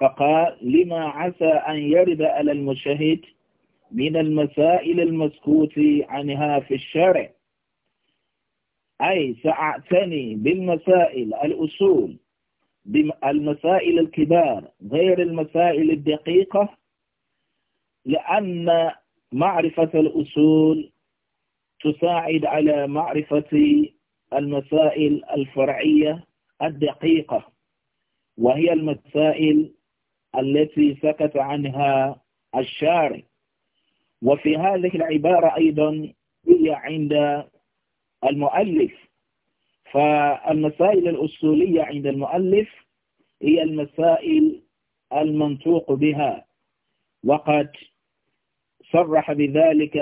فقال لما عسى أن يرد على المشاهد من المسائل المسكوت عنها في الشارع أي سأعتني بالمسائل الأصول المسائل الكبار غير المسائل الدقيقة لأن معرفة الأصول تساعد على معرفة المسائل الفرعية الدقيقة وهي المسائل التي سكت عنها الشارع وفي هذه العبارة أيضا هي عند المؤلف فالمسائل الأصولية عند المؤلف هي المسائل المنطوق بها وقد صرح بذلك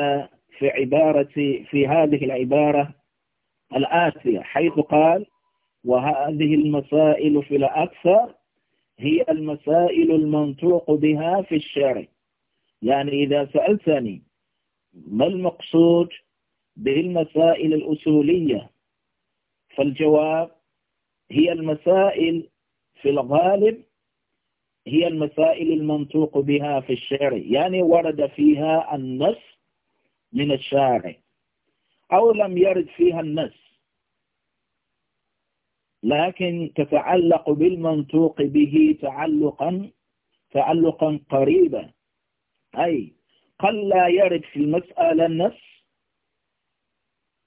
في عبارة في هذه العبارة الآتية حيث قال وهذه المسائل في الأكثر هي المسائل المنطوق بها في الشرع يعني إذا سألتني ما المقصود بالمسائل الأصولية فالجواب هي المسائل في الغالب هي المسائل المنطوق بها في الشعر يعني ورد فيها النص من الشارع أو لم يرد فيها النص لكن تتعلق بالمنطوق به تعلقا تعلقا قريبا أي قد لا يرد في المسألة النص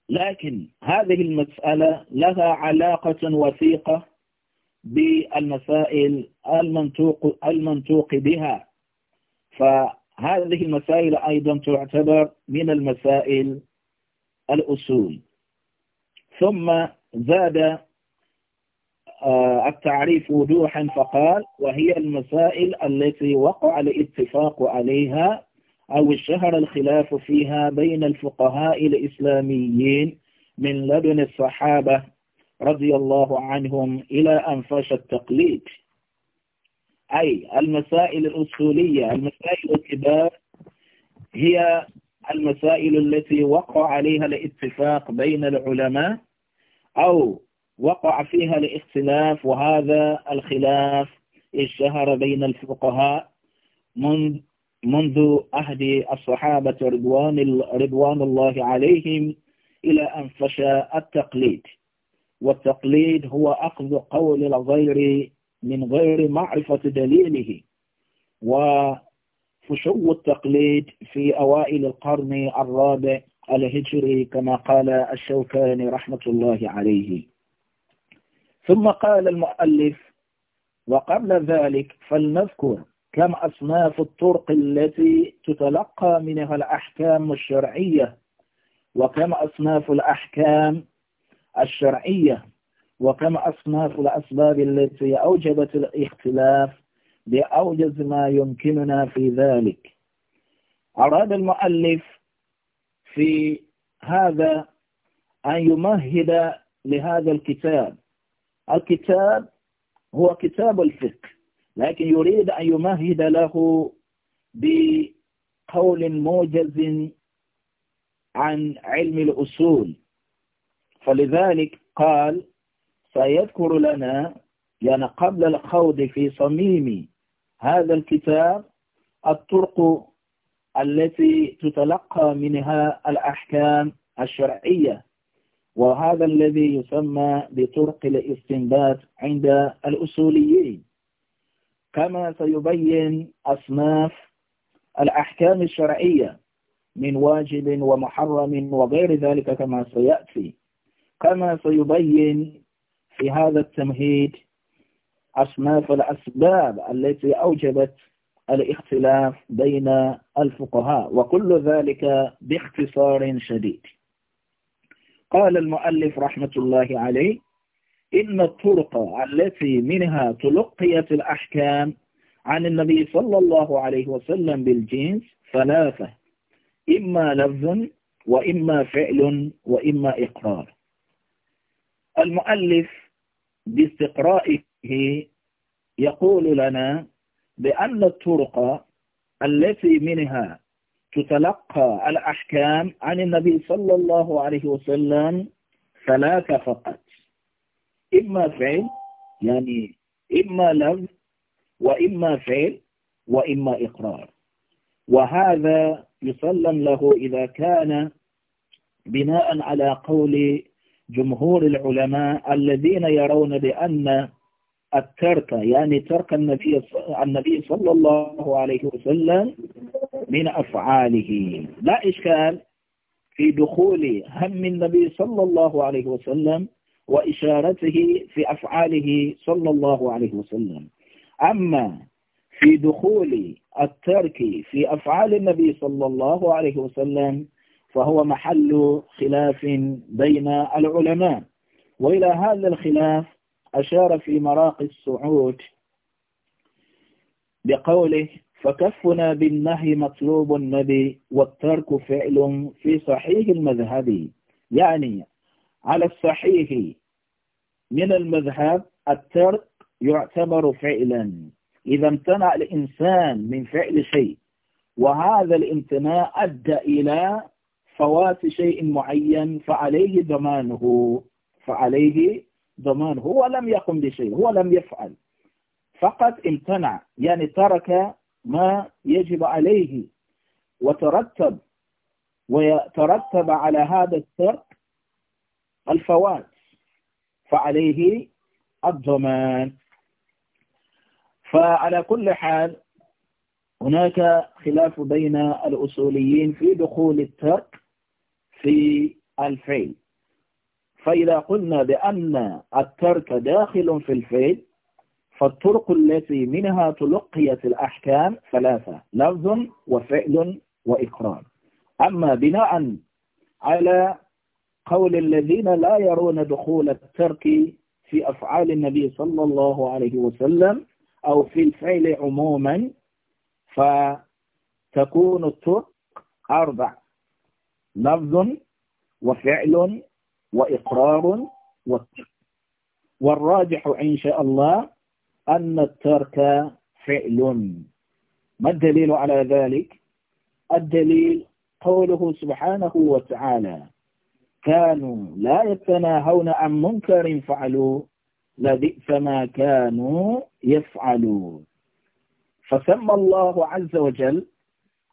لكن هذه المسألة لها علاقة وثيقة بالمسائل المنطوق, المنطوق بها فهذه المسائل أيضا تعتبر من المسائل الأصول ثم زاد آه، التعريف وضوحا فقال وهي المسائل التي وقع الاتفاق عليها أو الشهر الخلاف فيها بين الفقهاء الإسلاميين من لدن الصحابة رضي الله عنهم إلى أن فاش التقليد أي المسائل الأصولية المسائل الكبار هي المسائل التي وقع عليها الاتفاق بين العلماء أو وقع فيها الاختلاف وهذا الخلاف اشتهر بين الفقهاء منذ منذ عهد الصحابة رضوان رضوان الله عليهم إلى أن فشى التقليد والتقليد هو أخذ قول الغير من غير معرفة دليله وفشو التقليد في أوائل القرن الرابع الهجري كما قال الشوكاني رحمة الله عليه ثم قال المؤلف وقبل ذلك فلنذكر كم أصناف الطرق التي تتلقى منها الأحكام الشرعية وكم أصناف الأحكام الشرعية وكم أصناف الأسباب التي أوجبت الاختلاف بأوجز ما يمكننا في ذلك أراد المؤلف في هذا أن يمهد لهذا الكتاب الكتاب هو كتاب الفقه لكن يريد أن يمهد له بقول موجز عن علم الأصول فلذلك قال سيذكر لنا يعني قبل الخوض في صميم هذا الكتاب الطرق التي تتلقى منها الأحكام الشرعية وهذا الذي يسمى بطرق الاستنباط عند الأصوليين كما سيبين أصناف الأحكام الشرعية من واجب ومحرم وغير ذلك كما سيأتي كما سيبين في هذا التمهيد أصناف الأسباب التي أوجبت الاختلاف بين الفقهاء وكل ذلك باختصار شديد قال المؤلف رحمة الله عليه إن الطرق التي منها تلقيت الأحكام عن النبي صلى الله عليه وسلم بالجنس ثلاثة إما لفظ وإما فعل وإما إقرار المؤلف باستقرائه يقول لنا بأن الطرق التي منها تتلقى الأحكام عن النبي صلى الله عليه وسلم ثلاثة فقط إما فعل يعني إما لفظ وإما فعل وإما إقرار وهذا يسلم له إذا كان بناء على قول جمهور العلماء الذين يرون بأن الترك يعني ترك النبي النبي صلى الله عليه وسلم من أفعاله لا إشكال في دخول هم النبي صلى الله عليه وسلم وإشارته في أفعاله صلى الله عليه وسلم أما في دخول الترك في أفعال النبي صلى الله عليه وسلم فهو محل خلاف بين العلماء وإلى هذا الخلاف أشار في مراقي السعود بقوله فكفنا بالنهي مطلوب النبي والترك فعل في صحيح المذهب يعني على الصحيح من المذهب الترك يعتبر فعلا إذا امتنع الإنسان من فعل شيء وهذا الامتناع أدى إلى فوات شيء معين فعليه ضمانه فعليه ضمانه هو لم يقم بشيء هو لم يفعل فقط امتنع يعني ترك ما يجب عليه وترتب ويترتب على هذا الترك الفوات فعليه الضمان فعلى كل حال هناك خلاف بين الأصوليين في دخول الترك في الفعل فإذا قلنا بأن الترك داخل في الفعل فالطرق التي منها تلقيت الأحكام ثلاثة لفظ وفعل وإقرار أما بناء على قول الذين لا يرون دخول الترك في أفعال النبي صلى الله عليه وسلم أو في الفعل عموما فتكون الطرق أربع لفظ وفعل وإقرار والراجح إن شاء الله أن الترك فعل ما الدليل على ذلك الدليل قوله سبحانه وتعالى كانوا لا يتناهون عن منكر فعلوا لبئس ما كانوا يفعلون فسمى الله عز وجل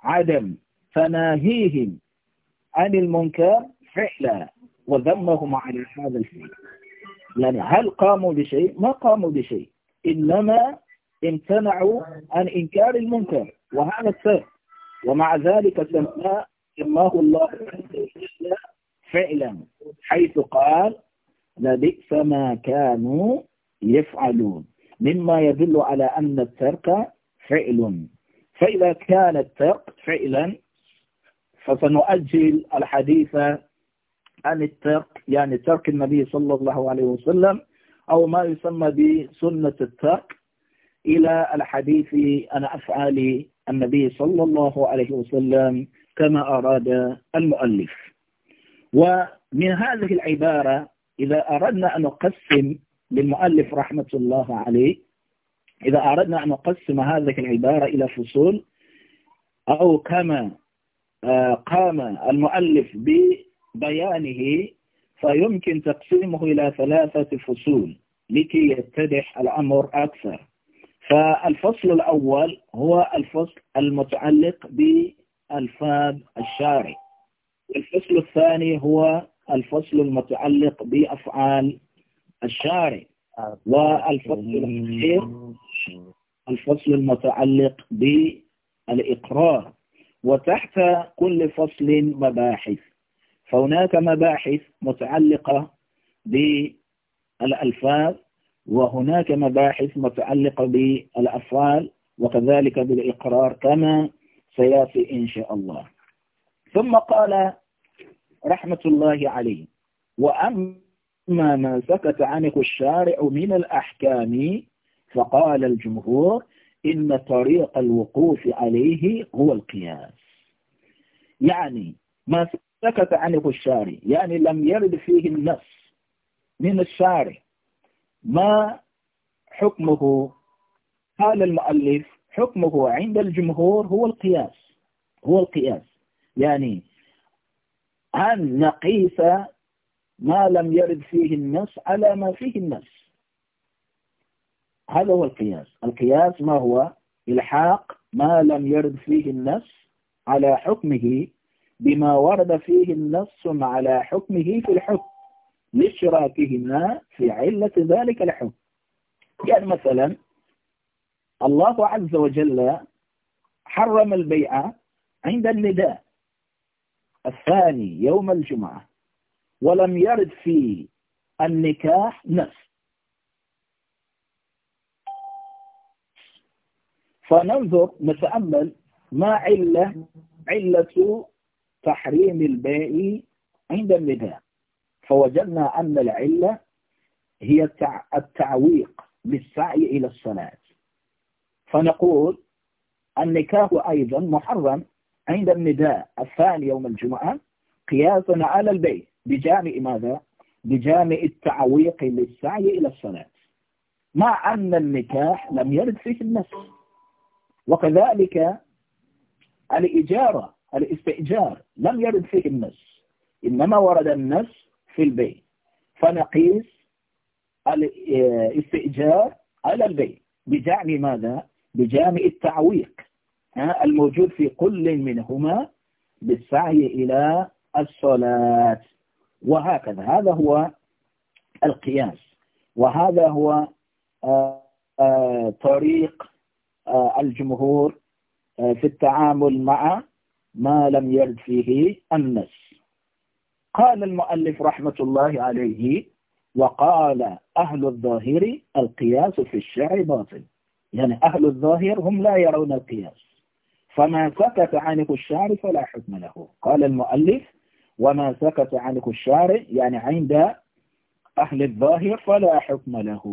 عدم تناهيهم عن المنكر فعلا وذمهم على هذا الفعل يعني هل قاموا بشيء ما قاموا بشيء إنما امتنعوا عن إنكار المنكر وهذا السر ومع ذلك سماه سماه الله فعلا حيث قال لبئس ما كانوا يفعلون مما يدل على أن الترك فعل فإذا كان الترك فعلا فسنؤجل الحديث عن الترك يعني ترك النبي صلى الله عليه وسلم أو ما يسمى بسنة الترك إلى الحديث عن أفعال النبي صلى الله عليه وسلم كما أراد المؤلف ومن هذه العبارة إذا أردنا أن نقسم للمؤلف رحمة الله عليه إذا أردنا أن نقسم هذه العبارة إلى فصول أو كما آه، قام المؤلف ببيانه فيمكن تقسيمه إلى ثلاثة فصول لكي يتضح الأمر أكثر فالفصل الأول هو الفصل المتعلق بألفاظ الشارع الفصل الثاني هو الفصل المتعلق بأفعال الشارع والفصل الأخير الفصل المتعلق بالإقرار وتحت كل فصل مباحث فهناك مباحث متعلقة بالألفاظ وهناك مباحث متعلقة بالأفعال وكذلك بالإقرار كما سيأتي إن شاء الله ثم قال رحمة الله عليه وأما ما سكت عنه الشارع من الأحكام فقال الجمهور إن طريق الوقوف عليه هو القياس يعني ما سكت عنه الشارع يعني لم يرد فيه النص من الشارع ما حكمه قال المؤلف حكمه عند الجمهور هو القياس هو القياس يعني أن نقيس ما لم يرد فيه النص على ما فيه النص هذا هو القياس القياس ما هو إلحاق ما لم يرد فيه النص على حكمه بما ورد فيه النص على حكمه في الحكم لاشراكهما في علة ذلك الحكم يعني مثلا الله عز وجل حرم البيع عند النداء الثاني يوم الجمعة ولم يرد في النكاح نفس فننظر نتأمل ما علة علة تحريم البيع عند النداء فوجدنا أن العلة هي التعويق للسعي إلى الصلاة فنقول النكاح أيضا محرم عند النداء الثاني يوم الجمعة قياسا على البيت بجامع ماذا؟ بجامع التعويق للسعي إلى الصلاة مع أن النكاح لم يرد فيه النص وكذلك الإجارة الاستئجار لم يرد فيه النص إنما ورد النص في البيع فنقيس الاستئجار على البيع بجعل ماذا؟ بجامع التعويق الموجود في كل منهما بالسعي إلى الصلاة وهكذا هذا هو القياس وهذا هو آه، آه، طريق آه، الجمهور في التعامل مع ما لم يرد فيه النص قال المؤلف رحمة الله عليه وقال أهل الظاهر القياس في الشعر باطل يعني أهل الظاهر هم لا يرون القياس فما سكت عنه الشعر فلا حكم له قال المؤلف وما سكت عنه الشعر يعني عند أهل الظاهر فلا حكم له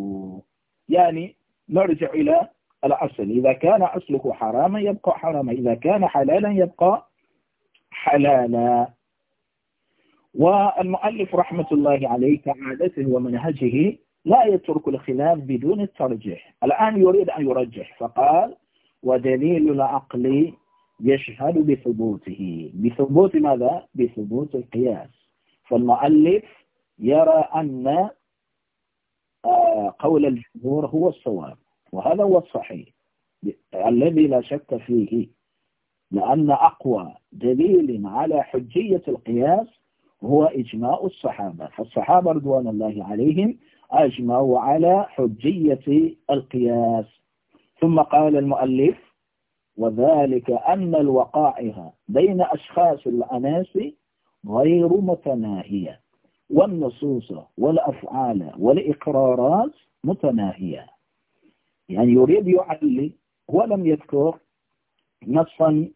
يعني نرجع إلى الأصل إذا كان أصله حراما يبقى حراما إذا كان حلالا يبقى حلالا والمؤلف رحمة الله عليه كعادته ومنهجه لا يترك الخلاف بدون الترجيح الآن يريد أن يرجح فقال ودليل العقل يشهد بثبوته بثبوت ماذا؟ بثبوت القياس فالمؤلف يرى أن آه، قول الجمهور هو الصواب وهذا هو الصحيح الذي لا شك فيه لأن أقوى دليل على حجية القياس هو إجماع الصحابة فالصحابة رضوان الله عليهم أجمعوا على حجية القياس ثم قال المؤلف وذلك أن الوقائع بين أشخاص الأناس غير متناهية والنصوص والأفعال والإقرارات متناهية يعني يريد يعلي ولم يذكر نصا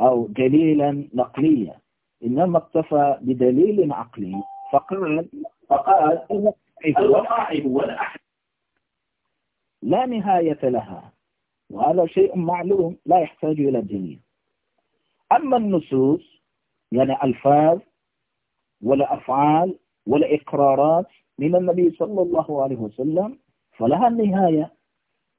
أو دليلا نقليا إنما اكتفى بدليل عقلي فقال فقال الوقائع والأحد لا نهاية لها وهذا شيء معلوم لا يحتاج إلى دليل أما النصوص يعني ألفاظ ولا أفعال ولا إقرارات من النبي صلى الله عليه وسلم فلها النهاية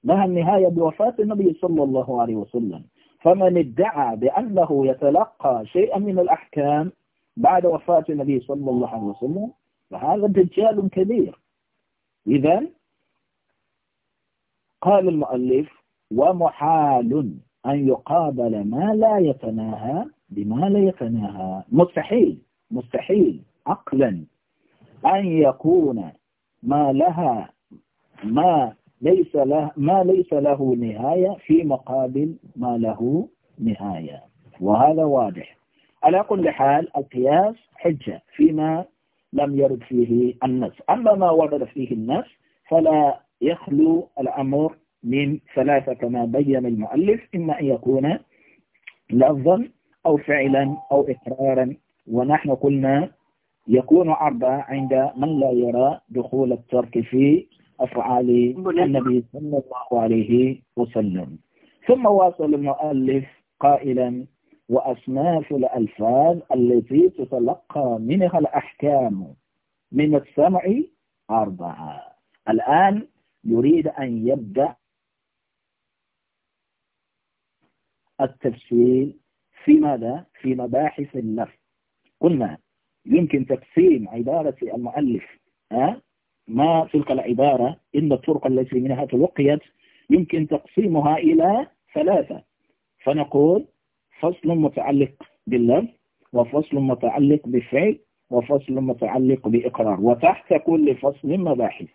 لها النهاية بوفاة النبي صلى الله عليه وسلم فمن ادعى بأنه يتلقى شيئا من الأحكام بعد وفاة النبي صلى الله عليه وسلم فهذا دجال كبير إذا قال المؤلف ومحال أن يقابل ما لا يتناهى بما لا يتناهى مستحيل مستحيل عقلا أن يكون ما لها ما ليس له ما ليس له نهاية في مقابل ما له نهاية وهذا واضح على كل حال القياس حجة فيما لم يرد فيه النص أما ما ورد فيه النص فلا يخلو الأمر من ثلاثة كما بين المؤلف إما أن يكون لفظا أو فعلا أو إقرارا ونحن قلنا يكون عرضا عند من لا يرى دخول الترك في أفعال النبي صلى الله عليه وسلم ثم واصل المؤلف قائلا وأصناف الألفاظ التي تتلقى منها الأحكام من السمع أربعة الآن يريد أن يبدأ التفصيل في ماذا؟ في مباحث اللفظ قلنا يمكن تقسيم عبارة المؤلف ها؟ ما تلك العبارة إن الطرق التي منها تلقيت يمكن تقسيمها إلى ثلاثة فنقول فصل متعلق باللفظ وفصل متعلق بفعل وفصل متعلق بإقرار وتحت كل فصل مباحث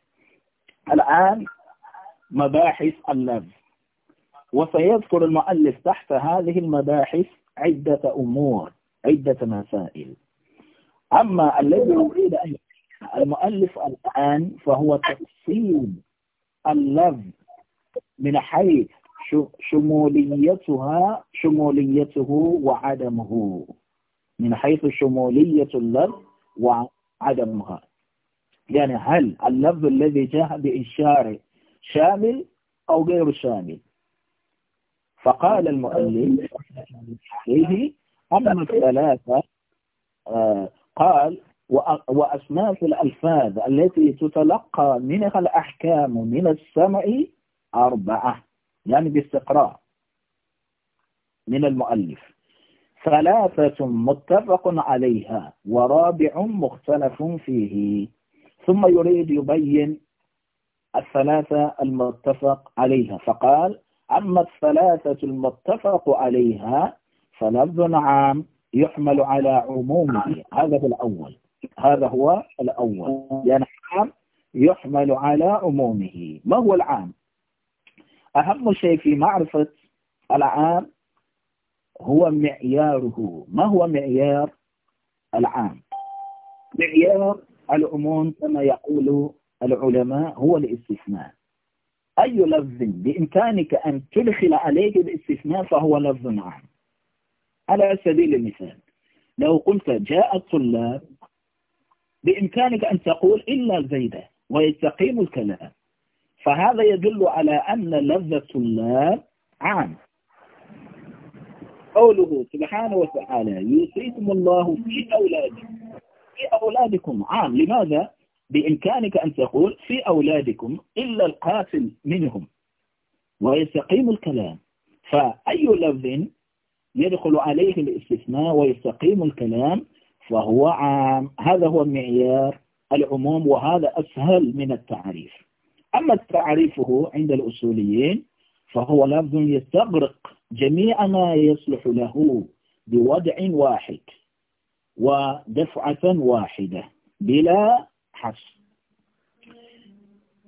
الآن مباحث اللفظ وسيذكر المؤلف تحت هذه المباحث عدة أمور عدة مسائل أما الذي أريد أن المؤلف الآن فهو تقسيم اللفظ من حيث شموليتها شموليته وعدمه من حيث شمولية اللفظ وعدمها يعني هل اللفظ الذي جاء بإشارة شامل أو غير شامل فقال المؤلف أما الثلاثة آه، قال وأسماء الألفاظ التي تتلقى منها الأحكام من السمع أربعة يعني باستقراء من المؤلف ثلاثة متفق عليها ورابع مختلف فيه ثم يريد يبين الثلاثة المتفق عليها فقال أما الثلاثة المتفق عليها فلفظ عام يحمل على عمومه هذا هو الأول هذا هو الأول يعني عام يحمل على عمومه ما هو العام أهم شيء في معرفة العام هو معياره ما هو معيار العام معيار العموم كما يقول العلماء هو الاستثناء أي لفظ بإمكانك أن تدخل عليه الاستثناء فهو لفظ عام على سبيل المثال لو قلت جاء الطلاب بإمكانك أن تقول إلا زيدة ويستقيم الكلام فهذا يدل على أن لذة الله عام قوله سبحانه وتعالى يوصيكم الله في أولادكم في أولادكم عام لماذا؟ بإمكانك أن تقول في أولادكم إلا القاتل منهم ويستقيم الكلام فأي لذ يدخل عليه الاستثناء ويستقيم الكلام فهو عام هذا هو المعيار العموم وهذا أسهل من التعريف أما تعريفه عند الأصوليين فهو لفظ يستغرق جميع ما يصلح له بوضع واحد ودفعة واحدة بلا حصر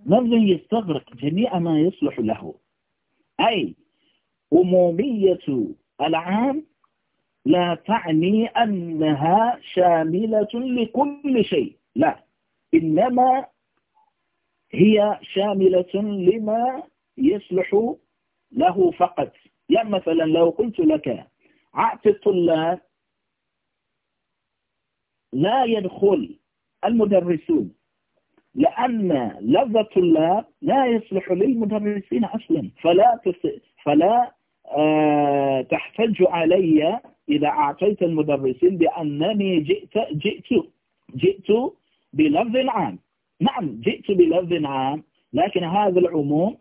لفظ يستغرق جميع ما يصلح له أي أمومية العام لا تعني أنها شاملة لكل شيء لا إنما هي شاملة لما يصلح له فقط يعني مثلا لو قلت لك عقد الطلاب لا يدخل المدرسون لأن لذة الطلاب لا يصلح للمدرسين أصلا فلا فلا آه، تحتج علي إذا أعطيت المدرسين بأنني جئت جئت جئت بلفظ عام نعم جئت بلفظ عام لكن هذا العموم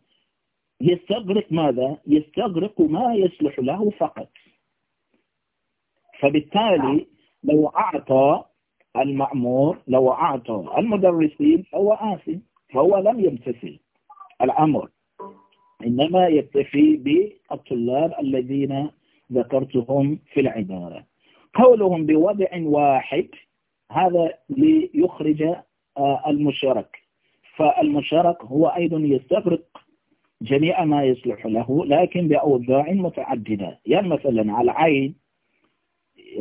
يستغرق ماذا؟ يستغرق ما يصلح له فقط فبالتالي نعم. لو أعطى المأمور لو أعطى المدرسين فهو آسي فهو لم يمتثل الأمر إنما يكتفي بالطلاب الذين ذكرتهم في العبارة قولهم بوضع واحد هذا ليخرج آه، المشارك فالمشارك هو أيضا يستغرق جميع ما يصلح له لكن بأوضاع متعددة يعني مثلا على العين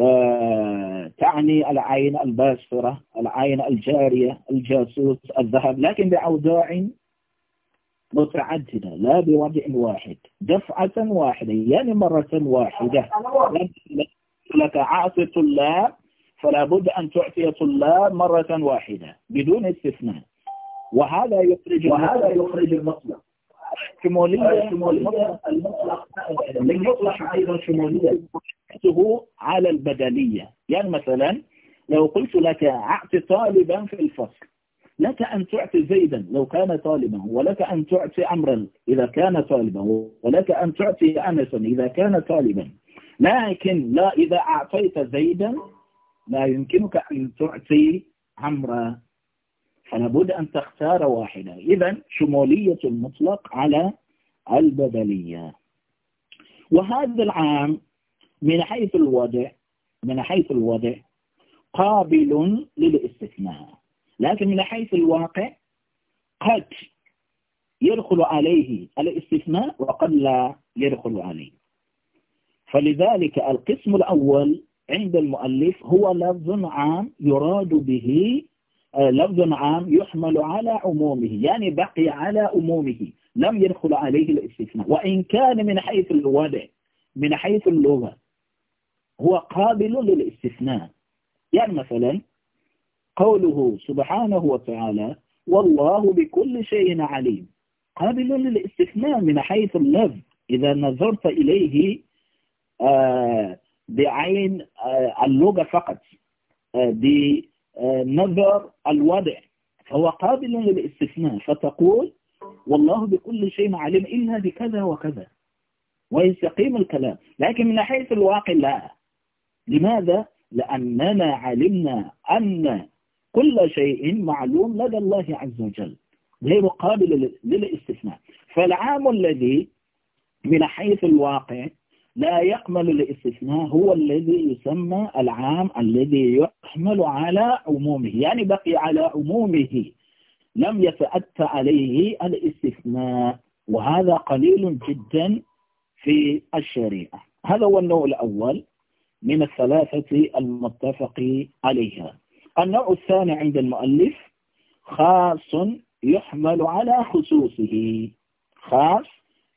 آه، تعني العين الباسرة العين الجارية الجاسوس الذهب لكن بأوضاع متعددة لا بوضع واحد دفعة واحدة يعني مرة واحدة لك عاصي طلاب فلا بد أن تعطي طلاب مرة واحدة بدون استثناء وهذا يخرج وهذا يخرج المطلق شمولية المطلق المطلق أيضا شمولية على البدلية يعني مثلا لو قلت لك أعطي طالبا في الفصل لك أن تعطي زيدا لو كان طالبا ولك أن تعطي عمرا إذا كان طالبا ولك أن تعطي أنسا إذا كان طالبا لكن لا إذا أعطيت زيدا لا يمكنك أن تعطي عمرا فلا بد أن تختار واحدة إذا شمولية المطلق على البدلية وهذا العام من حيث الوضع من حيث الوضع قابل للاستثناء لكن من حيث الواقع قد يدخل عليه الاستثناء وقد لا يدخل عليه فلذلك القسم الأول عند المؤلف هو لفظ عام يراد به آه، لفظ عام يحمل على عمومه يعني بقي على عمومه لم يدخل عليه الاستثناء وإن كان من حيث الوضع من حيث اللغة هو قابل للاستثناء يعني مثلا قوله سبحانه وتعالى والله بكل شيء عليم قابل للاستثناء من حيث اللفظ إذا نظرت إليه آه، بعين آه، اللغة فقط آه، بنظر الوضع فهو قابل للاستثناء فتقول والله بكل شيء عليم إلا بكذا وكذا ويستقيم الكلام لكن من حيث الواقع لا لماذا؟ لأننا علمنا أن كل شيء معلوم لدى الله عز وجل غير قابل للاستثناء فالعام الذي من حيث الواقع لا يقبل الاستثناء هو الذي يسمى العام الذي يحمل على عمومه يعني بقي على عمومه لم يتأتى عليه الاستثناء وهذا قليل جدا في الشريعة هذا هو النوع الأول من الثلاثة المتفق عليها النوع الثاني عند المؤلف خاص يحمل على خصوصه خاص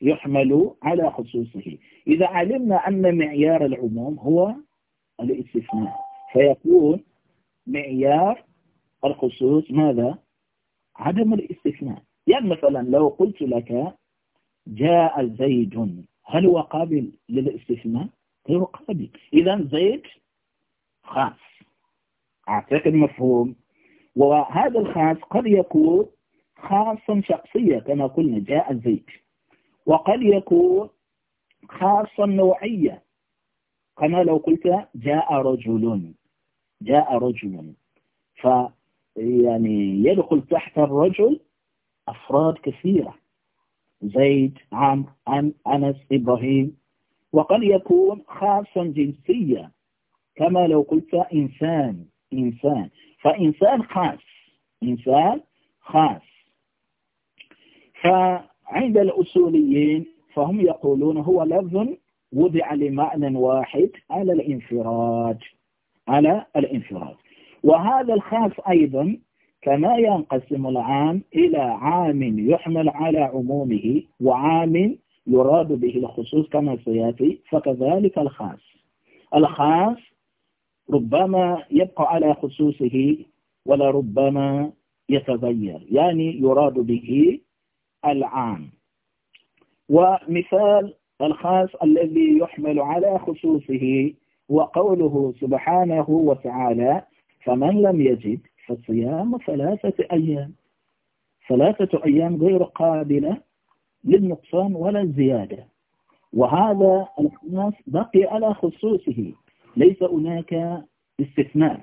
يحمل على خصوصه إذا علمنا أن معيار العموم هو الاستثناء فيكون معيار الخصوص ماذا؟ عدم الاستثناء يعني مثلا لو قلت لك جاء زيد هل هو قابل للاستثناء؟ غير قابل إذا زيد خاص أعتقد مفهوم وهذا الخاص قد يكون خاصا شخصيا كما قلنا جاء الزيت وقد يكون خاصا نوعيا كما لو قلت جاء رجل جاء رجل ف يعني يدخل تحت الرجل أفراد كثيرة زيد عم أن أنس إبراهيم وقد يكون خاصا جنسيا كما لو قلت إنسان إنسان فإنسان خاص إنسان خاص فعند الأصوليين فهم يقولون هو لفظ وضع لمعنى واحد على الانفراد على الانفراد وهذا الخاص أيضا كما ينقسم العام إلى عام يحمل على عمومه وعام يراد به الخصوص كما سيأتي فكذلك الخاص الخاص ربما يبقى على خصوصه ولربما يتغير يعني يراد به العام ومثال الخاص الذي يحمل على خصوصه وقوله سبحانه وتعالى فمن لم يجد فصيام ثلاثة أيام ثلاثة أيام غير قابلة للنقصان ولا الزيادة وهذا الخاص بقي على خصوصه ليس هناك استثناء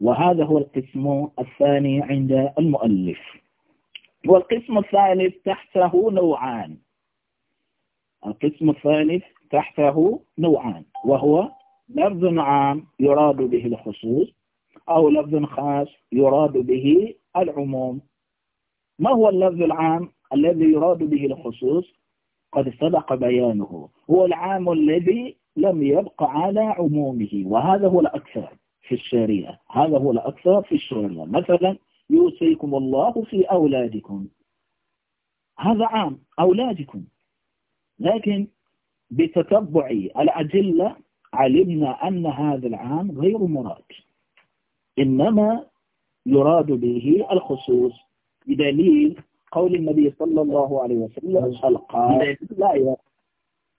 وهذا هو القسم الثاني عند المؤلف والقسم الثالث تحته نوعان القسم الثالث تحته نوعان وهو لفظ عام يراد به الخصوص أو لفظ خاص يراد به العموم ما هو اللفظ العام الذي يراد به الخصوص قد سبق بيانه هو العام الذي لم يبق على عمومه وهذا هو الأكثر في الشريعة هذا هو الأكثر في الشريعة مثلا يوصيكم الله في أولادكم هذا عام أولادكم لكن بتتبع الأدلة علمنا أن هذا العام غير مراد إنما يراد به الخصوص بدليل قول النبي صلى الله عليه وسلم نعم. القائل لا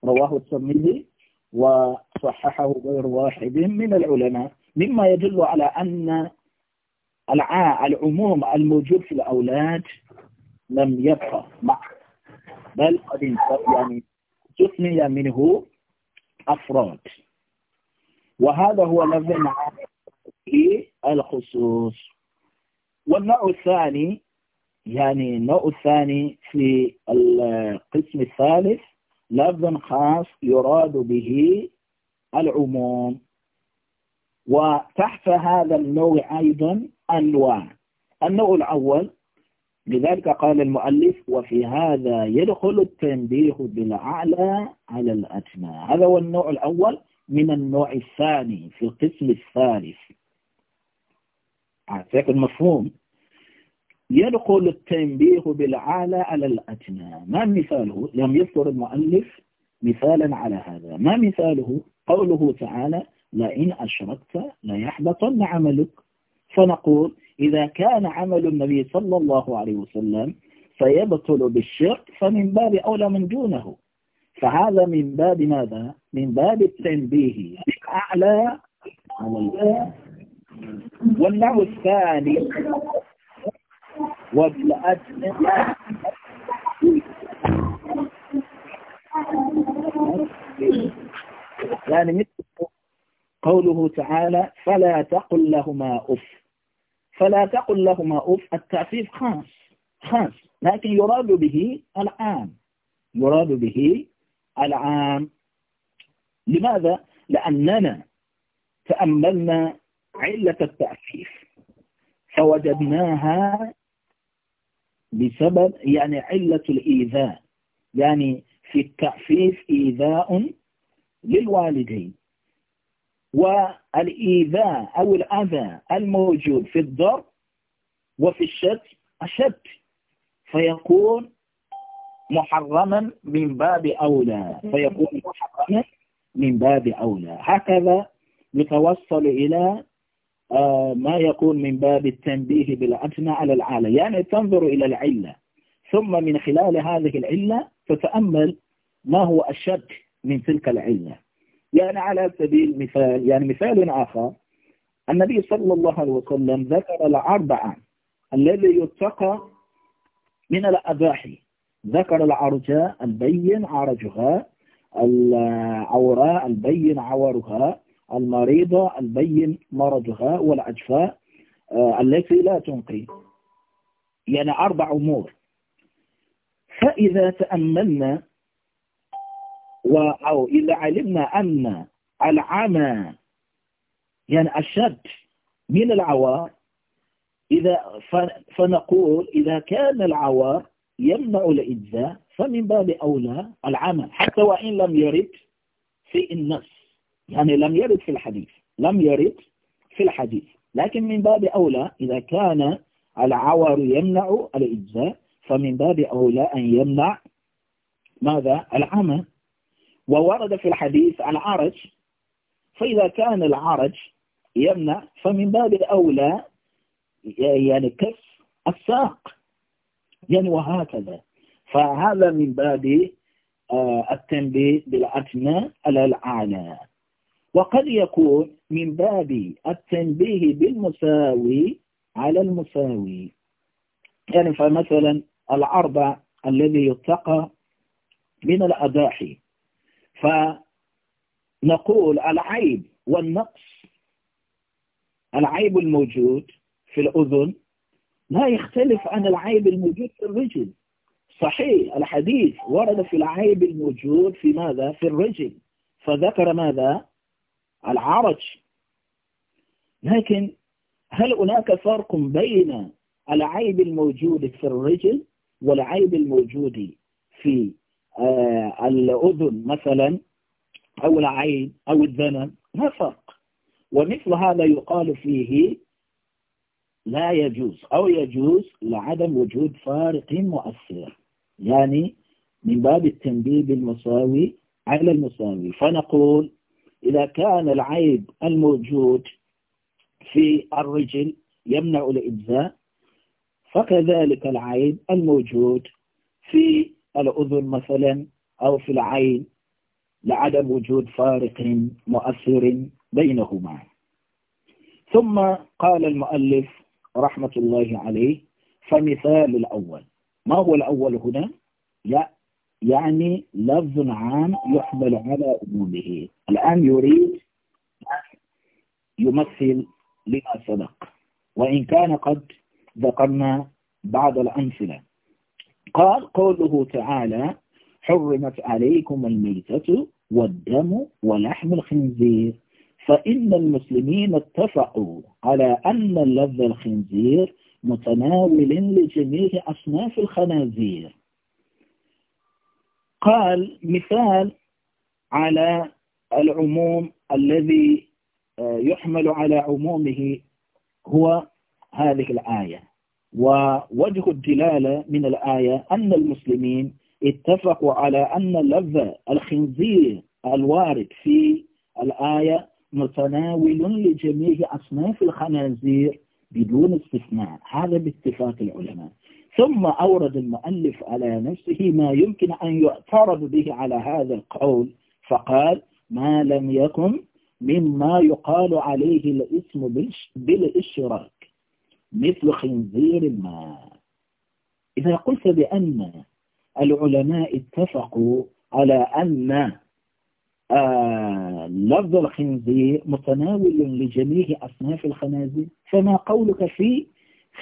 رواه الترمذي وصححه غير واحد من العلماء مما يدل على أن العموم الموجود في الأولاد لم يبقى مع بل قد يعني تثني منه أفراد وهذا هو الذي في الخصوص والنوع الثاني يعني النوع الثاني في القسم الثالث لفظ خاص يراد به العموم وتحت هذا النوع أيضا أنواع النوع الأول لذلك قال المؤلف وفي هذا يدخل التنبيه بالأعلى على الأدنى هذا هو النوع الأول من النوع الثاني في القسم الثالث أعطيك المفهوم يدخل التنبيه بالعالى على الأدنى ما مثاله لم يذكر المؤلف مثالا على هذا ما مثاله قوله تعالى لئن أشركت ليحبطن عملك فنقول إذا كان عمل النبي صلى الله عليه وسلم فيبطل بالشرك فمن باب أولى من دونه فهذا من باب ماذا؟ من باب التنبيه أعلى على والنوع الثاني يعني مثل قوله تعالى فلا تقل لهما أف فلا تقل لهما أف التعفيف خاص خاص لكن يراد به العام يراد به العام لماذا؟ لأننا تأملنا علة التعفيف فوجدناها بسبب يعني علة الإيذاء يعني في التعفيف إيذاء للوالدين والإيذاء أو الأذى الموجود في الضرب وفي الشد أشد فيكون محرما من باب أولى فيكون محرما من باب أولى هكذا نتوصل إلى آه، ما يكون من باب التنبيه بالأدنى على العالة يعني تنظر إلى العلة ثم من خلال هذه العلة تتأمل ما هو أشد من تلك العلة يعني على سبيل المثال يعني مثال آخر النبي صلى الله عليه وسلم ذكر الأربعة الذي يتقى من الأباحي ذكر العرجاء البين عرجها العوراء البين عورها المريضة البين مرضها والعجفاء آه، التي لا تنقي يعني أربع أمور فإذا تأملنا أو إذا علمنا أن العمى يعني أشد من العوار إذا فنقول إذا كان العوار يمنع الإجزاء فمن باب أولى العمل حتى وإن لم يرد في النفس يعني لم يرد في الحديث لم يرد في الحديث لكن من باب أولى إذا كان العور يمنع الإجزاء فمن باب أولى أن يمنع ماذا العمى وورد في الحديث العرج فإذا كان العرج يمنع فمن باب أولى يعني كف الساق يعني وهكذا فهذا من باب آه، التنبيه بالأتنى على الأعلى وقد يكون من باب التنبيه بالمساوي على المساوي يعني فمثلا العرض الذي يتقى من الأضاحي فنقول العيب والنقص العيب الموجود في الأذن لا يختلف عن العيب الموجود في الرجل صحيح الحديث ورد في العيب الموجود في ماذا؟ في الرجل فذكر ماذا؟ العرج لكن هل هناك فرق بين العيب الموجود في الرجل والعيب الموجود في آه، الأذن مثلا أو العين أو الذنب ما فرق ومثل هذا يقال فيه لا يجوز أو يجوز لعدم وجود فارق مؤثر يعني من باب التنبيه المساوي على المساوي فنقول إذا كان العيب الموجود في الرجل يمنع الإجزاء فكذلك العيب الموجود في الأذن مثلا أو في العين لعدم وجود فارق مؤثر بينهما ثم قال المؤلف رحمة الله عليه فمثال الأول ما هو الأول هنا؟ يا يعني لفظ عام يحمل على عمومه الآن يريد يمثل لما سبق وإن كان قد ذكرنا بعض الأمثلة قال قوله تعالى حرمت عليكم الميتة والدم ولحم الخنزير فإن المسلمين اتفقوا على أن لذ الخنزير متناول لجميع أصناف الخنازير قال مثال على العموم الذي آه، يحمل على عمومه هو هذه الآية ووجه الدلالة من الآية أن المسلمين اتفقوا على أن لفظ الخنزير الوارد في الآية متناول لجميع أصناف الخنازير بدون استثناء هذا باتفاق العلماء ثم أورد المؤلف على نفسه ما يمكن أن يعترض به على هذا القول فقال ما لم يكن مما يقال عليه الاسم بالاشراك مثل خنزير الماء إذا قلت بأن العلماء اتفقوا على أن آه، لفظ الخنزير متناول لجميع أصناف الخنازير فما قولك في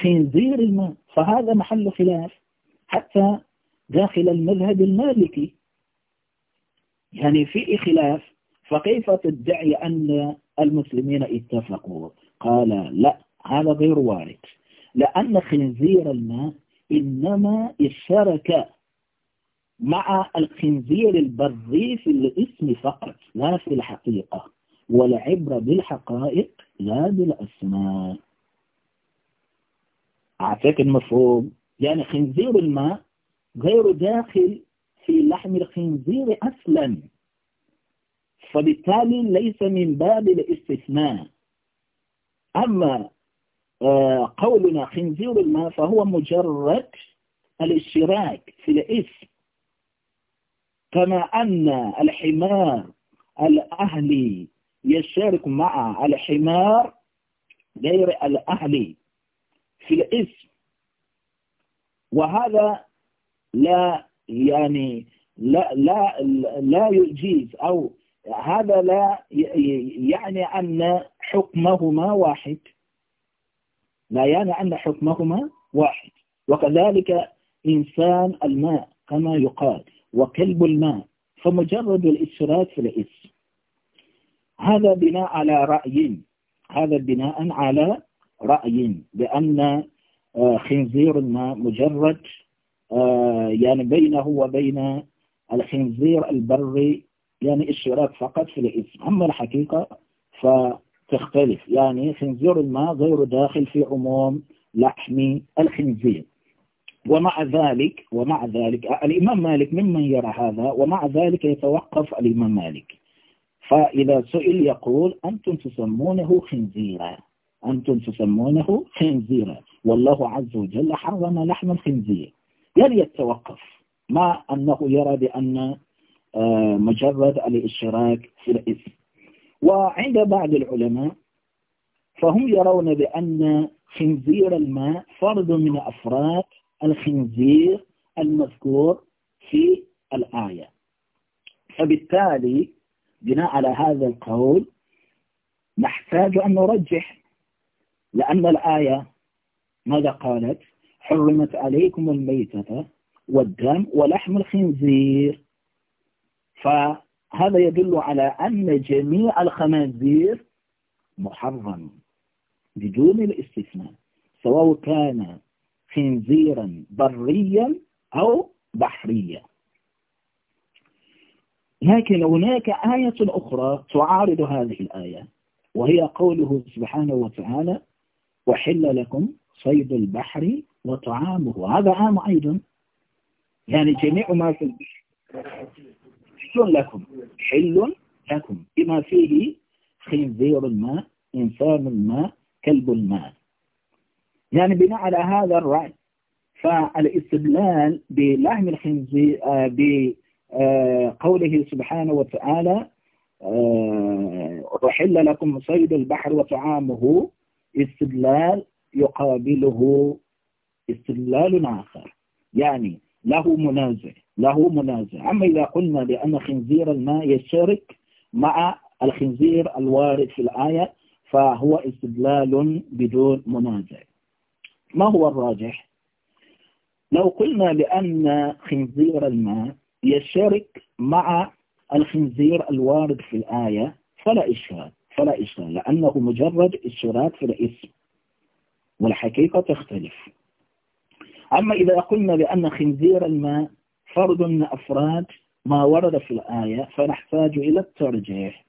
خنزير الماء فهذا محل خلاف حتى داخل المذهب المالكي يعني في خلاف فكيف تدعي أن المسلمين اتفقوا قال لا هذا غير وارد لأن خنزير الماء إنما اشترك مع الخنزير البري في الاسم فقط لا في الحقيقة والعبرة بالحقائق لا بالأسماء أعطيك المفهوم يعني خنزير الماء غير داخل في لحم الخنزير أصلا فبالتالي ليس من باب الاستثناء أما آه، قولنا خنزير الماء فهو مجرد الاشتراك في الاسم كما أن الحمار الأهلي يشارك مع الحمار غير الأهلي في الاسم وهذا لا يعني لا لا لا يجيز أو هذا لا يعني أن حكمهما واحد لا يعني أن حكمهما واحد وكذلك إنسان الماء كما يقال وكلب الماء فمجرد الإشراك في الاسم هذا بناء على رأي هذا بناء على رأي بأن آه، خنزير ما مجرد آه، يعني بينه وبين الخنزير البري يعني اشتراك فقط في الاسم أما الحقيقة فتختلف يعني خنزير الماء غير داخل في عموم لحم الخنزير ومع ذلك ومع ذلك الإمام مالك ممن يرى هذا ومع ذلك يتوقف الإمام مالك فإذا سئل يقول أنتم تسمونه خنزيرا أنتم تسمونه خنزيرا والله عز وجل حرم لحم الخنزير يلي يتوقف مع أنه يرى بأن آه، مجرد الاشتراك في الإثم وعند بعض العلماء فهم يرون بأن خنزير الماء فرد من أفراد الخنزير المذكور في الآية فبالتالي بناء على هذا القول نحتاج أن نرجح لأن الآية ماذا قالت حرمت عليكم الميتة والدم ولحم الخنزير فهذا يدل على أن جميع الخنازير محرم بدون الاستثناء سواء كان خنزيرا بريا أو بحريا لكن هناك آية أخرى تعارض هذه الآية وهي قوله سبحانه وتعالى وحل لكم صيد البحر وطعامه هذا عام أيضا يعني جميع ما في البحر حل لكم حل لكم بما فيه خنزير الماء إنسان الماء كلب الماء يعني بناء على هذا الرأي فالاستدلال بلحم الخنزير آه، بقوله آه، سبحانه وتعالى أحل آه، لكم صيد البحر وطعامه استدلال يقابله استدلال آخر يعني له منازع له منازع أما إذا قلنا بأن خنزير الماء يشترك مع الخنزير الوارد في الآية فهو استدلال بدون منازع ما هو الراجح؟ لو قلنا بأن خنزير الماء يشترك مع الخنزير الوارد في الآية فلا إشهاد فلا إشكال لأنه مجرد اشتراك في الاسم والحقيقة تختلف أما إذا قلنا بأن خنزير الماء فرد من أفراد ما ورد في الآية فنحتاج إلى الترجيح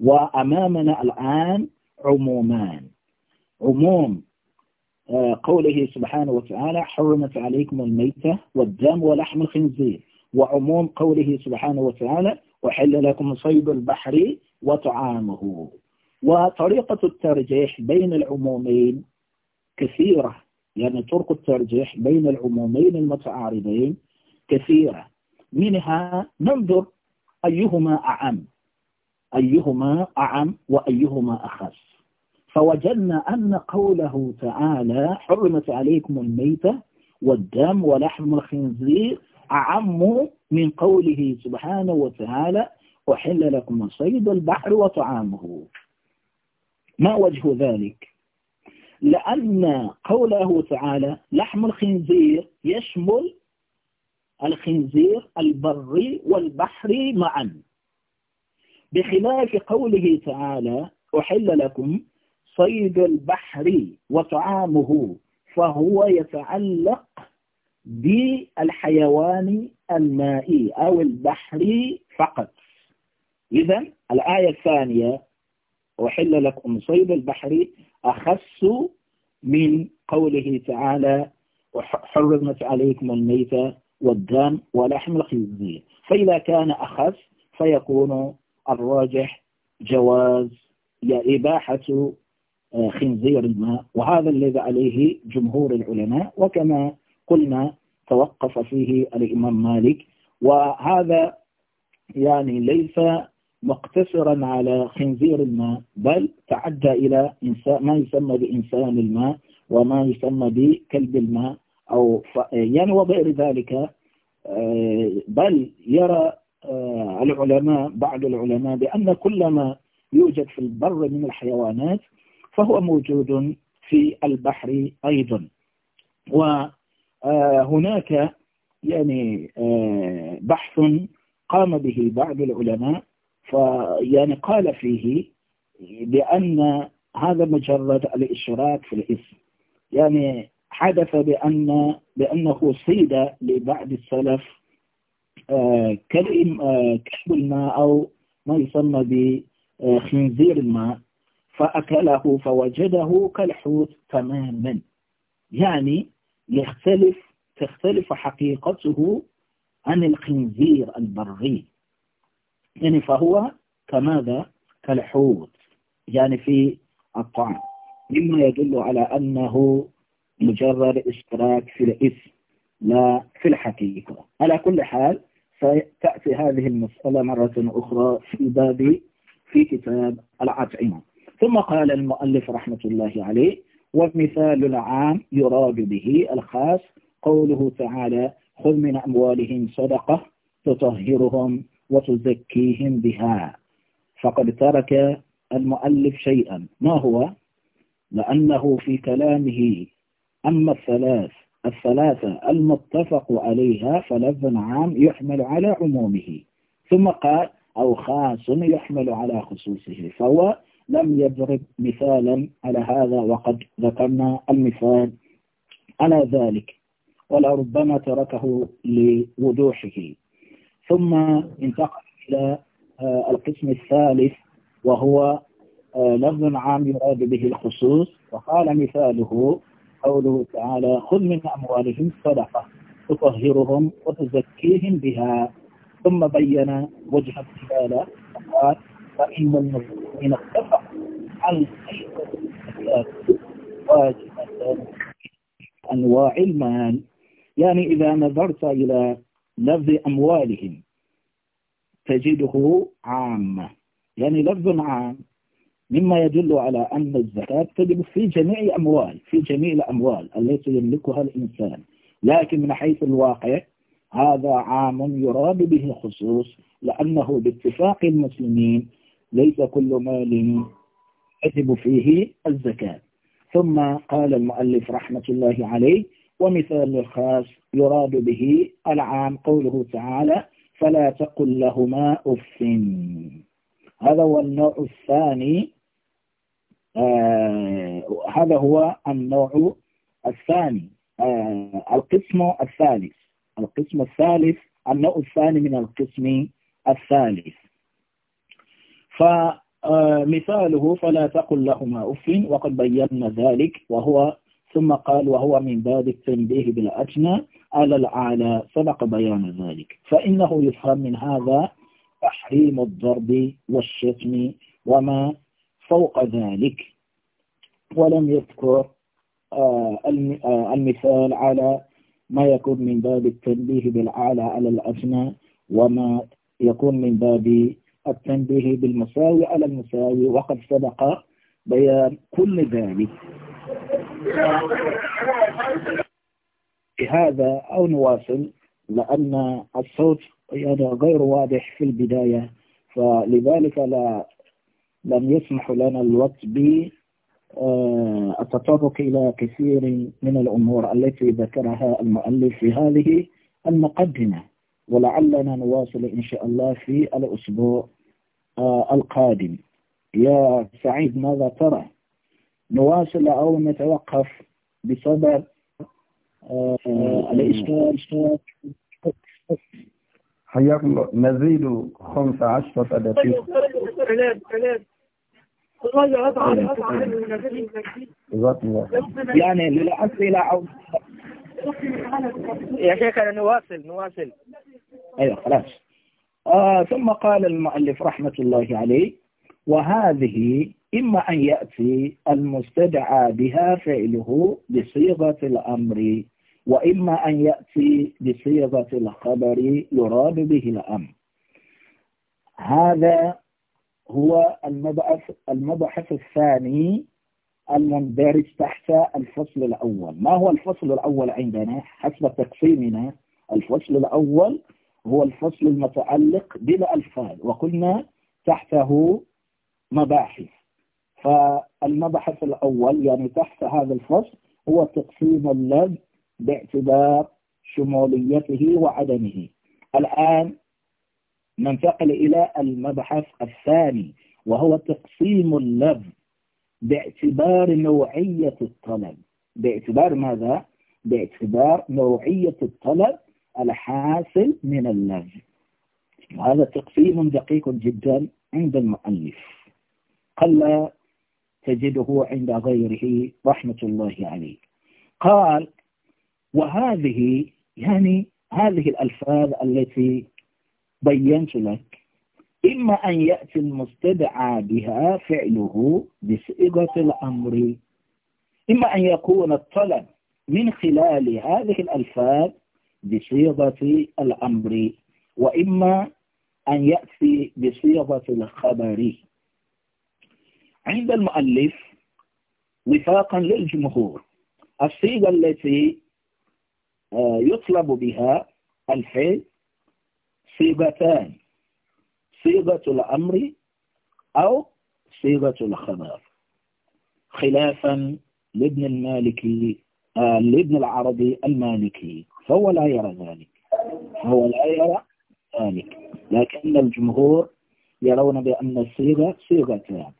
وأمامنا الآن عمومان عموم آه، قوله سبحانه وتعالى حرمت عليكم الميتة والدم ولحم الخنزير وعموم قوله سبحانه وتعالى وحل لكم صيد البحر وطعامه وطريقة الترجيح بين العمومين كثيرة يعني طرق الترجيح بين العمومين المتعارضين كثيرة منها ننظر أيهما أعم أيهما أعم وأيهما أخس فوجدنا أن قوله تعالى حرمت عليكم الميتة والدم ولحم الخنزير أعم من قوله سبحانه وتعالى أحل لكم صيد البحر وطعامه ما وجه ذلك لأن قوله تعالى لحم الخنزير يشمل الخنزير البري والبحري معا بخلاف قوله تعالى أحل لكم صيد البحر وطعامه فهو يتعلق بالحيوان المائي أو البحري فقط إذا الآية الثانية وحل لكم صيد البحر أخس من قوله تعالى حرمت عليكم الميتة والدم ولحم الخنزير فإذا كان أخف فيكون الراجح جواز يا إباحة آه، خنزير الماء وهذا الذي عليه جمهور العلماء وكما قلنا توقف فيه الإمام مالك وهذا يعني ليس مقتصرا على خنزير الماء بل تعدى إلى ما يسمى بإنسان الماء وما يسمى بكلب الماء أو يعني وغير ذلك آه، بل يرى آه، العلماء بعض العلماء بأن كل ما يوجد في البر من الحيوانات فهو موجود في البحر أيضا وهناك آه، يعني بحث قام به بعض العلماء فيعني قال فيه بأن هذا مجرد الإشراك في الاسم يعني حدث بأن بأنه صيد لبعض السلف آه، كلم آه، كلب الماء أو ما يسمى بخنزير الماء فأكله فوجده كالحوت تماما يعني يختلف تختلف حقيقته عن الخنزير البري يعني فهو كماذا كالحوت يعني في الطعام مما يدل على أنه مجرد اشتراك في الاسم لا في الحقيقة على كل حال ستأتي هذه المسألة مرة أخرى في باب في كتاب الأطعمة ثم قال المؤلف رحمة الله عليه والمثال العام يراد به الخاص قوله تعالى خذ من أموالهم صدقة تطهرهم وتزكيهم بها فقد ترك المؤلف شيئا ما هو لأنه في كلامه أما الثلاث الثلاثة المتفق عليها فلفظ عام يحمل على عمومه ثم قال أو خاص يحمل على خصوصه فهو لم يضرب مثالا على هذا وقد ذكرنا المثال على ذلك ولربما تركه لوضوحه ثم انتقل إلى آه، القسم الثالث وهو آه، لفظ عام يراد به الخصوص وقال مثاله قوله تعالى خذ من أموالهم صدقة تطهرهم وتزكيهم بها ثم بين وجه الدلالة فقال فإن المسلمين اتفقوا على واجبة أنواع المال يعني إذا نظرت إلى لفظ أموالهم تجده عامة يعني لفظ عام مما يدل على أن الزكاة تجب في جميع الأموال في جميع الأموال التي يملكها الإنسان لكن من حيث الواقع هذا عام يراد به الخصوص لأنه باتفاق المسلمين ليس كل مال يجب فيه الزكاة ثم قال المؤلف رحمة الله عليه ومثال الخاص يراد به العام قوله تعالى فلا تقل لهما أف هذا هو النوع الثاني آه هذا هو النوع الثاني آه القسم الثالث القسم الثالث النوع الثاني من القسم الثالث فمثاله آه، فلا تقل لهما أف وقد بينا ذلك وهو ثم قال وهو من باب التنبيه بالأجنى على الأعلى سبق بيان ذلك فإنه يفهم من هذا تحريم الضرب والشتم وما فوق ذلك ولم يذكر آه، آه، المثال على ما يكون من باب التنبيه بالأعلى على الأجنى وما يكون من باب التنبيه بالمساوي على المساوي وقد سبق بيان كل ذلك هذا أو نواصل لأن الصوت يعني غير واضح في البداية فلذلك لا لم يسمح لنا الوقت ب آه، التطرق إلى كثير من الأمور التي ذكرها المؤلف في هذه المقدمة ولعلنا نواصل إن شاء الله في الأسبوع آه، القادم يا سعيد ماذا ترى؟ نواصل أو نتوقف بسبب آه، الإشكال حياكم الله نزيد 15 دقيقة يعني للأسئلة أو يا انا نواصل نواصل أيوة خلاص آه ثم قال المؤلف رحمة الله عليه وهذه إما أن يأتي المستدعى بها فعله بصيغة الأمر وإما أن يأتي بصيغة الخبر يراد به الأمر هذا هو المبحث, المبحث الثاني المندرج تحت الفصل الأول ما هو الفصل الأول عندنا حسب تقسيمنا الفصل الأول هو الفصل المتعلق بالألفاظ وقلنا تحته مباحث فالمبحث الأول يعني تحت هذا الفصل هو تقسيم اللب باعتبار شموليته وعدمه الآن ننتقل إلى المبحث الثاني وهو تقسيم اللب باعتبار نوعية الطلب باعتبار ماذا؟ باعتبار نوعية الطلب الحاصل من اللب وهذا تقسيم دقيق جدا عند المؤلف قل تجده عند غيره رحمة الله عليه قال وهذه يعني هذه الألفاظ التي بينت لك إما أن يأتي المستدعى بها فعله بصيغة الأمر إما أن يكون الطلب من خلال هذه الألفاظ بصيغة الأمر وإما أن يأتي بصيغة الخبر عند المؤلف وفاقا للجمهور الصيغة التي آه، يطلب بها الحيل صيغتان صيغة الأمر أو صيغة الخبر خلافا لابن المالكي آه، لابن العربي المالكي فهو لا يرى ذلك فهو لا يرى ذلك لكن الجمهور يرون بأن الصيغة صيغتان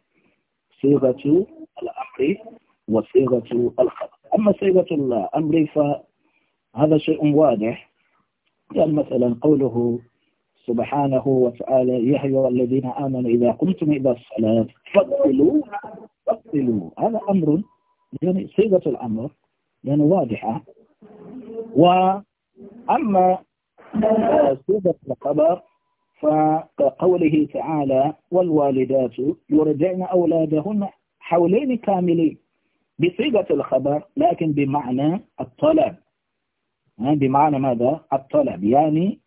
صيغة الأمر وصيغة الخبر أما صيغة الأمر فهذا شيء واضح يعني مثلا قوله سبحانه وتعالى يا أيها الذين آمنوا إذا قمتم إلى الصلاة فصلوا فصلوا هذا أمر يعني صيغة الأمر يعني واضحة وأما صيغة الخبر فقوله تعالى والوالدات يرجعن أولادهن حولين كاملين بصيغة الخبر لكن بمعنى الطلب بمعنى ماذا؟ الطلب يعني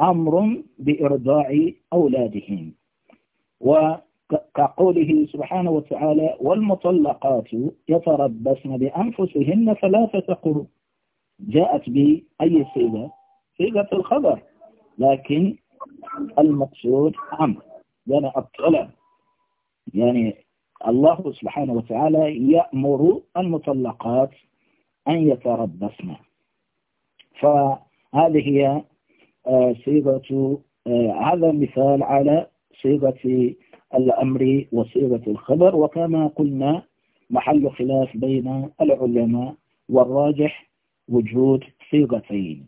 أمر بإرضاع أولادهم وكقوله سبحانه وتعالى والمطلقات يتربصن بأنفسهن ثلاثة قروء جاءت بأي صيغة؟ صيغة الخبر لكن المقصود عم يعني الطلب يعني الله سبحانه وتعالى يأمر المطلقات أن يتربصن فهذه هي آه، صيغة آه، هذا مثال على صيغة الأمر وصيغة الخبر وكما قلنا محل خلاف بين العلماء والراجح وجود صيغتين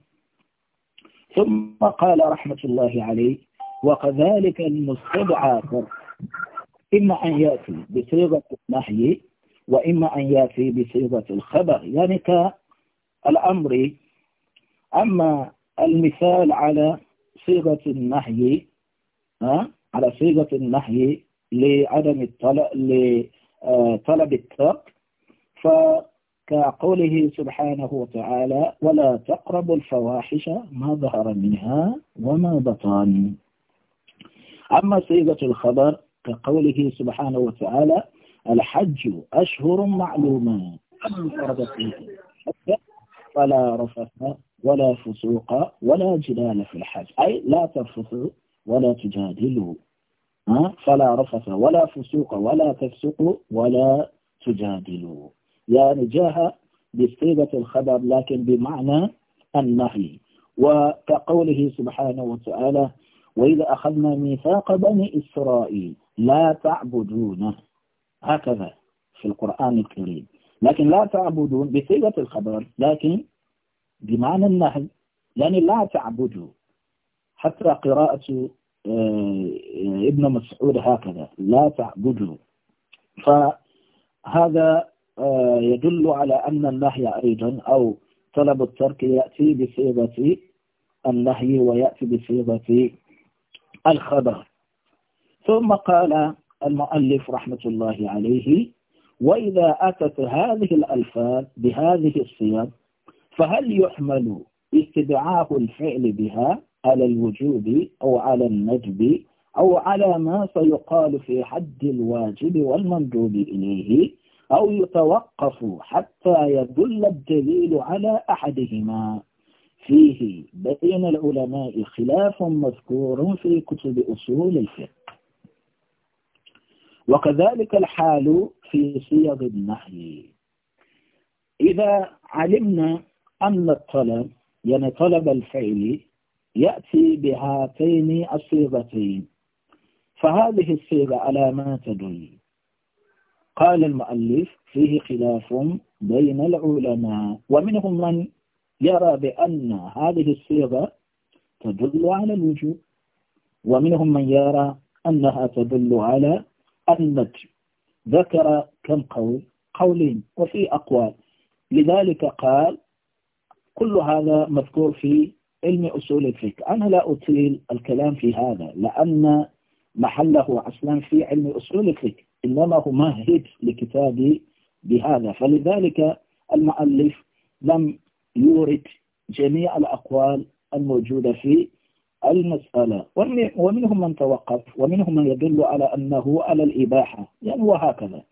ثم قال رحمة الله عليه وكذلك المستدعى إما أن يأتي بصيغة النهي وإما أن يأتي بصيغة الخبر يعني كالأمر أما المثال على صيغة النهي على صيغة النهي لعدم الطلب لطلب الترك ف كقوله سبحانه وتعالى ولا تقربوا الفواحش ما ظهر منها وما بطن أما صيغة الخبر كقوله سبحانه وتعالى الحج أشهر معلومات فلا رفث ولا فسوق ولا جدال في الحج أي لا ترفثوا ولا تجادلوا فلا رفث ولا فسوق ولا تفسقوا ولا تجادلوا يعني جاء بصيغة الخبر لكن بمعنى النهي وكقوله سبحانه وتعالى وإذا أخذنا ميثاق بني إسرائيل لا تعبدون هكذا في القرآن الكريم لكن لا تعبدون بصيغة الخبر لكن بمعنى النهي يعني لا تعبدوا حتى قراءة آه، ابن مسعود هكذا لا تعبدوا فهذا آه، يدل على أن النهي أيضا أو طلب الترك يأتي بصيغة النهي ويأتي بصيغة الخبر ثم قال المؤلف رحمة الله عليه وإذا أتت هذه الألفاظ بهذه الصيغ فهل يحمل استدعاء الفعل بها على الوجوب أو على الندب أو على ما سيقال في حد الواجب والمندوب إليه أو يتوقف حتى يدل الدليل على أحدهما فيه بين العلماء خلاف مذكور في كتب أصول الفقه وكذلك الحال في صيغ النحي إذا علمنا أن الطلب يعني طلب الفعل يأتي بهاتين الصيغتين فهذه الصيغة على ما تدل قال المؤلف فيه خلاف بين العلماء ومنهم من يرى بأن هذه الصيغة تدل على الوجوب ومنهم من يرى أنها تدل على النجم ذكر كم قول قولين وفي أقوال لذلك قال كل هذا مذكور في علم أصول الفقه أنا لا أطيل الكلام في هذا لأن محله أصلا في علم أصول الفقه إنما هو مهد لكتابه بهذا فلذلك المؤلف لم يورد جميع الأقوال الموجودة في المسألة ومنهم من توقف ومنهم من يدل على أنه على الإباحة يعني وهكذا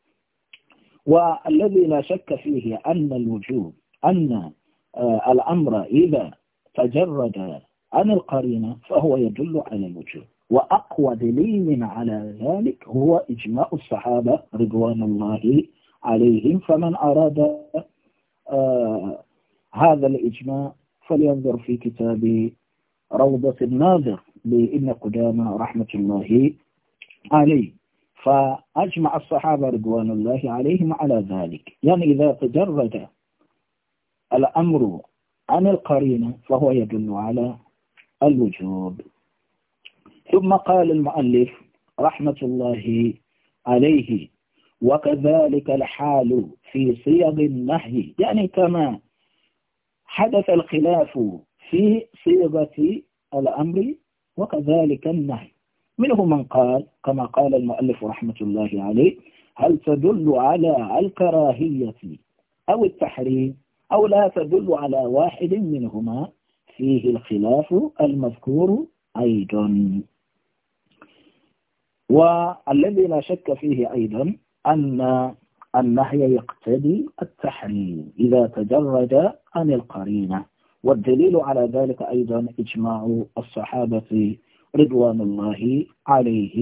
والذي لا شك فيه أن الوجوب أن آه، الأمر إذا تجرد عن القرينة فهو يدل على الوجوب وأقوى دليل على ذلك هو إجماع الصحابة رضوان الله عليهم فمن أراد آه، هذا الإجماع فلينظر في كتاب روضة الناظر لابن قدامى رحمة الله عليه فأجمع الصحابة رضوان الله عليهم على ذلك يعني إذا تجرد الأمر عن القرينة فهو يدل على الوجوب ثم قال المؤلف رحمة الله عليه وكذلك الحال في صيغ النهي يعني كما حدث الخلاف في صيغة الأمر وكذلك النهي منهم من قال كما قال المؤلف رحمة الله عليه هل تدل على الكراهية أو التحريم أو لا تدل على واحد منهما فيه الخلاف المذكور أيضا والذي لا شك فيه أيضا أن النهي يقتضي التحريم إذا تجرد عن القرينة والدليل على ذلك أيضا إجماع الصحابة رضوان الله عليه